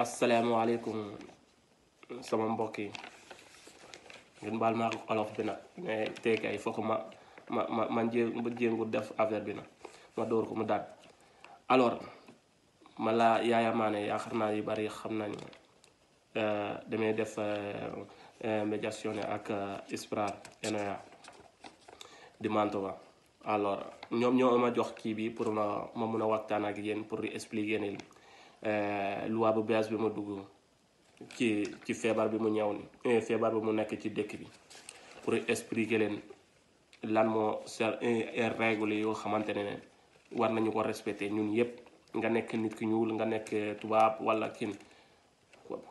asalaamaaleykum sama mbokk yi ngeen baal ma olof bi nag mais tey kay foog ma ma ma ma jéngu def affaire bi nag ma dóor ko mu daal alors ma laa Yaya Mané yaakaar naa yu bari xam nañ euh, damay def euh, euh, médiation ak ISPRA NOA di Mantova alors ñoom ñoo ma jox kii bi pour ma ma mun a waxtaan ak yéen pour expliquer leen. Euh, loi bu bees bi mu dugg ci ci feebar bi mu ñëw ni euh, feebar bi mu nekk ci dëkk bi pour expliquer leen lan moo ser euh, règle yoo xamante ne war nañu ko respecter ñun yëpp nga nekk nit ki ñuul nga nekk tubaab wala kin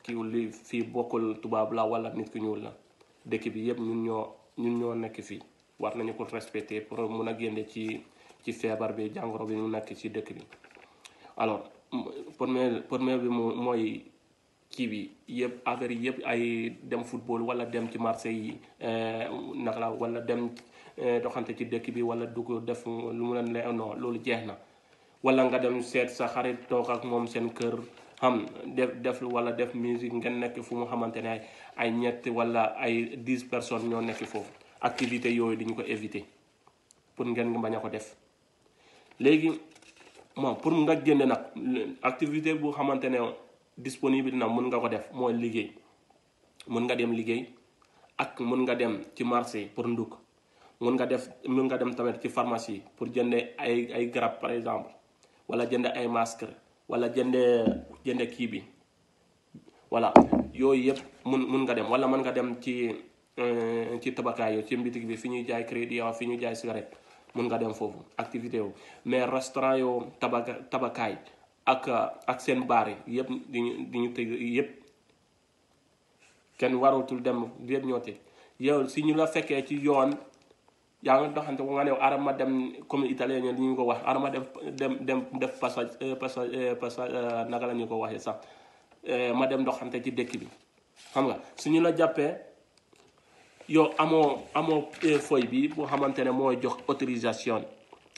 ki li fii bokkul tubaab la wala nit ki ñuul la dëkk bi yëpp ñun ñoo ñun ñoo nekk fii war nañu ko respecter pour mun a génne ci ci feebar bi jàngoro bi mu nekk ci dëkk bi alors première première bi mooy kii bi yëpp affaire yi yëpp ay dem football wala dem ci marché yi euh, naka la wala dem euh, doxante ci dëkk bi wala dugg def lu mu leen la non loolu jeex na wala nga dem seet sa xarit toog ak moom seen kër xam def def wala def musique ngeen nekk fu mu xamante ne ay ñett wala ay dix personnes ñoo nekk foofu activité yooyu dañu ko éviter pour ngeen bañ a ko def léegi moom pour nga génne nag activité bu xamante ne disponible na mun nga ko def mooy liggéey mun nga dem liggéey ak mun nga dem ci marché pour ndugg mun nga def mun nga dem tamit ci pharmacie pour jënde ay ay garab par exemple wala jënd ay masque wala jënde jënde kii bi voilà yooyu yëpp mun mun nga dem wala mën nga dem ci euh, ci tabakaay yo ci mbitik bi fi ñuy jaay crédit yow fi ñuy jaay cigarette mun nga dem foofu activité yoo mais restaurant yoo tabaka tabakaay ak ak seen baare yëpp di ñu di ñu tëj yëpp kenn waratul dem yëpp ñoo tëj yow si ñu la fekkee ci yoon yaa nga doxante ko nga ne ara ma dem comme italien ñu ñu ko wax ara ma dem dem dem def passage euh, passage euh, passage euh, naka la ko waxee sax ma dem doxante ci dëkk bi xam nga su ñu la jàppee. yow amoo amoo eh, feuille bi boo xamante ne mooy jox autorisation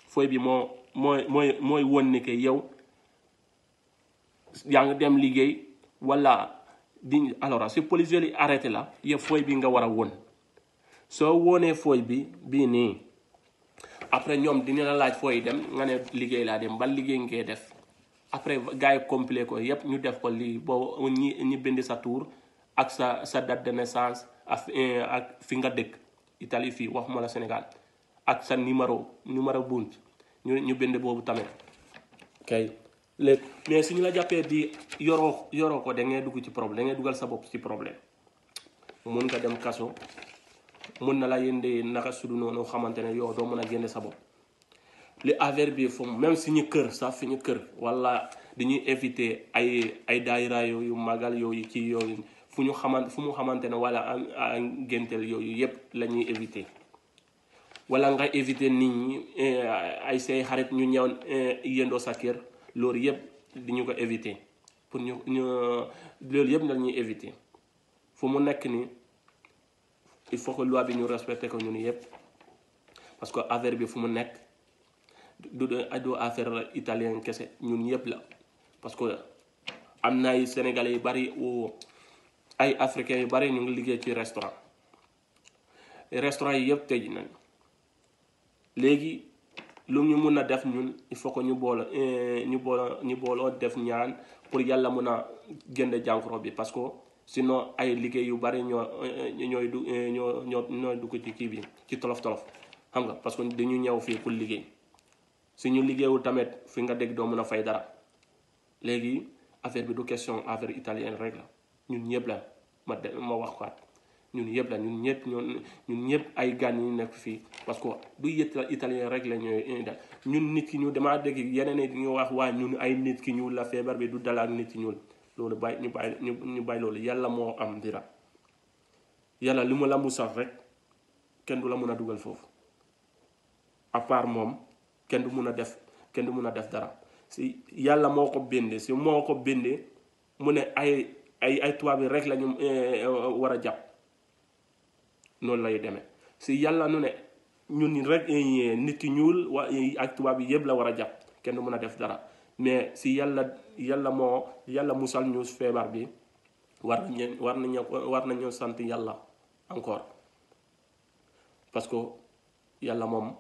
feuille bi moo mooy mooy mooy won ni que yow yaa ngi dem liggéey walla di alors si police yi arrêté la yow feuille bi nga war a won soo woonee feuille bi bii nii après ñoom dina la laaj fooy dem nga ne liggéey laa dem ban liggéey ngee def après gars yi complet ko yépp ñu def ko lii boo ñi ñi bindi sa tour ak sa sa date de naissance ak eh, ak fi nga dëkk Italie fii waxuma la Sénégal ak sa numéro numéro bunt ñu ñu bind boobu tamit kay léegi mais suñu la jàppee di yoroo yoroo ko da ngay dugg ci problème da ngay dugal sa bopp ci problème mun nga dem kaso mun na la yëndee naka sudu noonu xamante ne yow doo mën a génne sa bopp li affaire bi foofu même suñu kër sax suñu kër walla dañuy éviter ay ay daayira yu magal yooyu kii yooyu fu ñu xamante fu mu xamante ne wala ngénteel yooyu yépp la ñuy éviter wala nga éviter nit ñi eh, ay say xarit ñu ñëw eh, yëndoo sa kër loolu yépp di ñu ko éviter pour ñu ñu loolu yépp la ñuy éviter fu mu nekk ni il faut que loi bi ñu respecté ko ñun yépp parce que affaire bi fu mu nekk du du affaire italien kese ñun yépp la parce que am na ay sénégalais yu bari woo ay africain yu bari ñu ngi liggéey ci restaurant restaurant yi yëpp tëj nag léegi lu ñu mun a def ñun il faut que ñu boole euh, ñu boole ñu booloo def ñaan pour yàlla mun a génne jàngoro bi parce que sinon ay liggéey yu bari ñoo euh, ñooy du euh, ñoo ñoo ñooy dugg ci kii bi ci tolof tolof xam nga parce que dañu ñëw fii pour liggéey si ñu liggéeyul tamit fi nga dégg doo mun a fay dara léegi affaire bi du question affaire italienne rek ñun ñëpp la ma de ma wax ko ñun yëpp la ñun ñëpp ñun ñëpp ay gan ñu nekk fii parce que du yëpp italien rek la ñooy indal ñun nit ki ñu damaa dégg yeneen nit ñu wax waa ñun ay nit ki ñuul la feebar bi du dal nit ki ñuul loolu bàyyi ñu bàyyi ñu bàyyi loolu yàlla moo am dira yàlla li mu la musal rek kenn du la mun a dugal foofu à moom kenn du mun a def kenn du mun a def dara si yàlla moo ko bindee si moo ko bindee mu ne ay. ay ay tubaab yi rek la eh, eh, war a jàpp noonu lay deme si yàlla nu ne ñun rek eh, nit ki ñuul wa ak tubaab yi yëpp la war a jàpp kenn mën a def dara mais si yàlla yàlla moo yàlla musal ñu feebar bi war nañu war nañu war sant yàlla encore parce yàlla moom.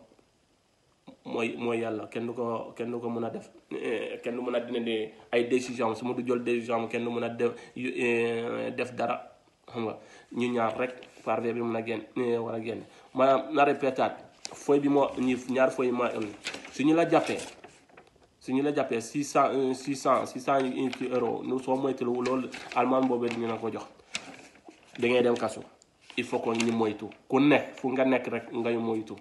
mooy mooy yàlla kenn du ko kenn du ko mën a def eh, kenn du mën a dina de ay décision su ma du jël décision kenn mën a def eh, def dara xam nga ñu ñaar rek par bi mun a génn eh, war a génn maanaam na répétaat fooy bi moo ñi ñaar fooy maa su ñu la jàppee su ñu la jàppee six cent euh, six cent six cent euros soo moytu loolu almaan boobee dina la ko jox da ngay dem kaso il faut que ñu moytu ku ne fu nga nekk rek ngay moytu.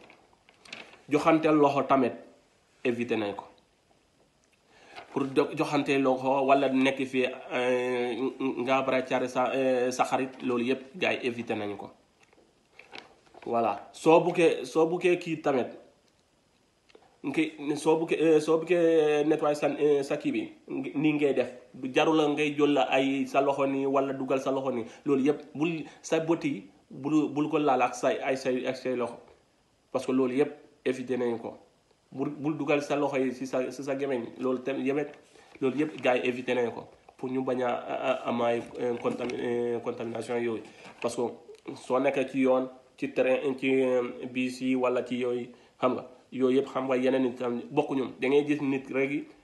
joxanteel loxo tamit éviter nañ ko pour do joxante loxo wala nekk fii euh, nga bracare sa euh, sa xarit loolu yëpp gars yi éviter nañ ko voilà soo buggee soo buggee kii tamit nga soo bukkee euh, soo bukkee nettoyer sa sa kii bi nii ngee def jarula ngay jël ay sa loxo nii wala dugal sa loxo nii loolu yëpp bul sa bët bul bul ko laal ak say ay sa ak say loxo parce que loolu yëpp. éviter nañ ko bu bul dugal sa loxo yi si sa si sa gémmiñ loolu tam yëpp loolu yëpp gars yi éviter nañ ko pour ñu bañ a amaay euh, contami euh, contamination yooyu parce que soo nekkee ci yoon ci terrain ci euh, biis yi wala ci yooyu xam nga yooyu yëpp xam nga yeneen nit tam bokkuñu da ngay gis nit rek.